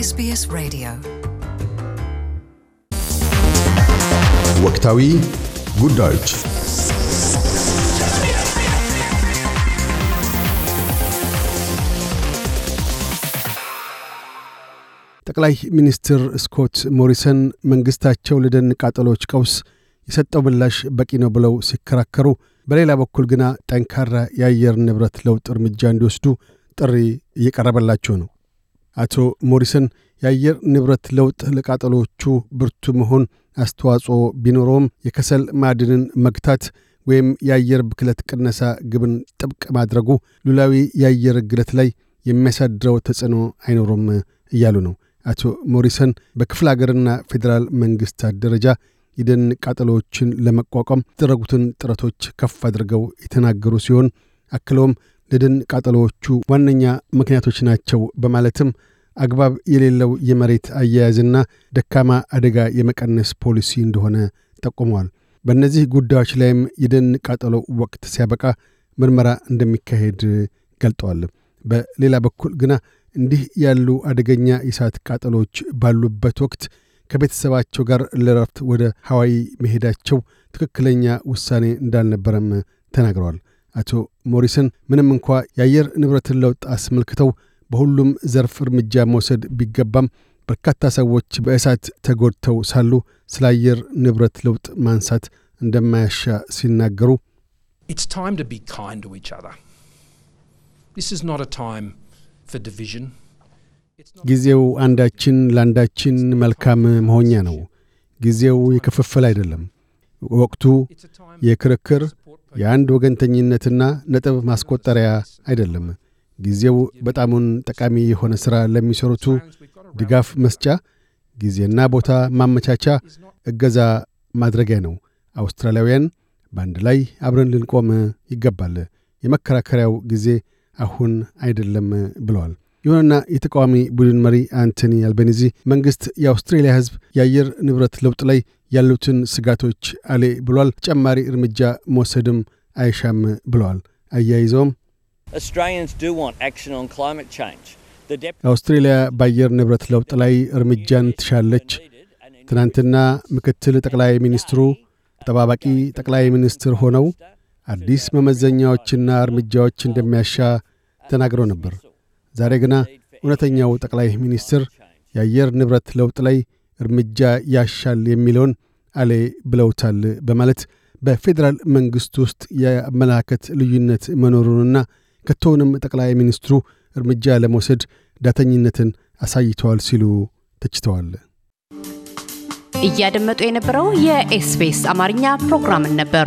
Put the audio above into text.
ኤስቢኤስ ሬዲዮ ወቅታዊ ጉዳዮች ጠቅላይ ሚኒስትር ስኮት ሞሪሰን መንግሥታቸው ለደን ቃጠሎች ቀውስ የሰጠው ምላሽ በቂ ነው ብለው ሲከራከሩ፣ በሌላ በኩል ግና ጠንካራ የአየር ንብረት ለውጥ እርምጃ እንዲወስዱ ጥሪ እየቀረበላቸው ነው። አቶ ሞሪሰን የአየር ንብረት ለውጥ ለቃጠሎቹ ብርቱ መሆን አስተዋጽኦ ቢኖረውም የከሰል ማዕድንን መግታት ወይም የአየር ብክለት ቅነሳ ግብን ጥብቅ ማድረጉ ሉላዊ የአየር ግለት ላይ የሚያሳድረው ተጽዕኖ አይኖሮም እያሉ ነው። አቶ ሞሪሰን በክፍለ አገርና ፌዴራል መንግሥታት ደረጃ የደን ቃጠሎዎችን ለመቋቋም የተደረጉትን ጥረቶች ከፍ አድርገው የተናገሩ ሲሆን አክለውም ለደን ቃጠሎዎቹ ዋነኛ ምክንያቶች ናቸው በማለትም አግባብ የሌለው የመሬት አያያዝና ደካማ አደጋ የመቀነስ ፖሊሲ እንደሆነ ጠቁመዋል። በእነዚህ ጉዳዮች ላይም የደን ቃጠሎ ወቅት ሲያበቃ ምርመራ እንደሚካሄድ ገልጠዋል። በሌላ በኩል ግና እንዲህ ያሉ አደገኛ የእሳት ቃጠሎች ባሉበት ወቅት ከቤተሰባቸው ጋር ለረፍት ወደ ሐዋይ መሄዳቸው ትክክለኛ ውሳኔ እንዳልነበረም ተናግረዋል። አቶ ሞሪሰን ምንም እንኳ የአየር ንብረትን ለውጥ አስመልክተው በሁሉም ዘርፍ እርምጃ መውሰድ ቢገባም በርካታ ሰዎች በእሳት ተጎድተው ሳሉ ስለ አየር ንብረት ለውጥ ማንሳት እንደማያሻ ሲናገሩ ጊዜው አንዳችን ለአንዳችን መልካም መሆኛ ነው። ጊዜው የክፍፍል አይደለም። ወቅቱ የክርክር የአንድ ወገንተኝነትና ነጥብ ማስቆጠሪያ አይደለም። ጊዜው በጣሙን ጠቃሚ የሆነ ሥራ ለሚሠሩቱ ድጋፍ መስጫ ጊዜና ቦታ ማመቻቻ እገዛ ማድረጊያ ነው። አውስትራሊያውያን በአንድ ላይ አብረን ልንቆም ይገባል። የመከራከሪያው ጊዜ አሁን አይደለም ብለዋል። ይሁንና የተቃዋሚ ቡድን መሪ አንቶኒ አልቤኒዚ መንግሥት የአውስትሬልያ ሕዝብ የአየር ንብረት ለውጥ ላይ ያሉትን ስጋቶች አሌ ብሏል። ተጨማሪ እርምጃ መውሰድም አይሻም ብለዋል። አያይዘውም አውስትሬልያ በአየር ንብረት ለውጥ ላይ እርምጃን ትሻለች። ትናንትና ምክትል ጠቅላይ ሚኒስትሩ ተጠባባቂ ጠቅላይ ሚኒስትር ሆነው አዲስ መመዘኛዎችና እርምጃዎች እንደሚያሻ ተናግረው ነበር። ዛሬ ግና እውነተኛው ጠቅላይ ሚኒስትር የአየር ንብረት ለውጥ ላይ እርምጃ ያሻል የሚለውን አሌ ብለውታል በማለት በፌዴራል መንግሥት ውስጥ የአመለካከት ልዩነት መኖሩንና ከቶውንም ጠቅላይ ሚኒስትሩ እርምጃ ለመውሰድ ዳተኝነትን አሳይተዋል ሲሉ ተችተዋል። እያደመጡ የነበረው የኤስፔስ አማርኛ ፕሮግራምን ነበር።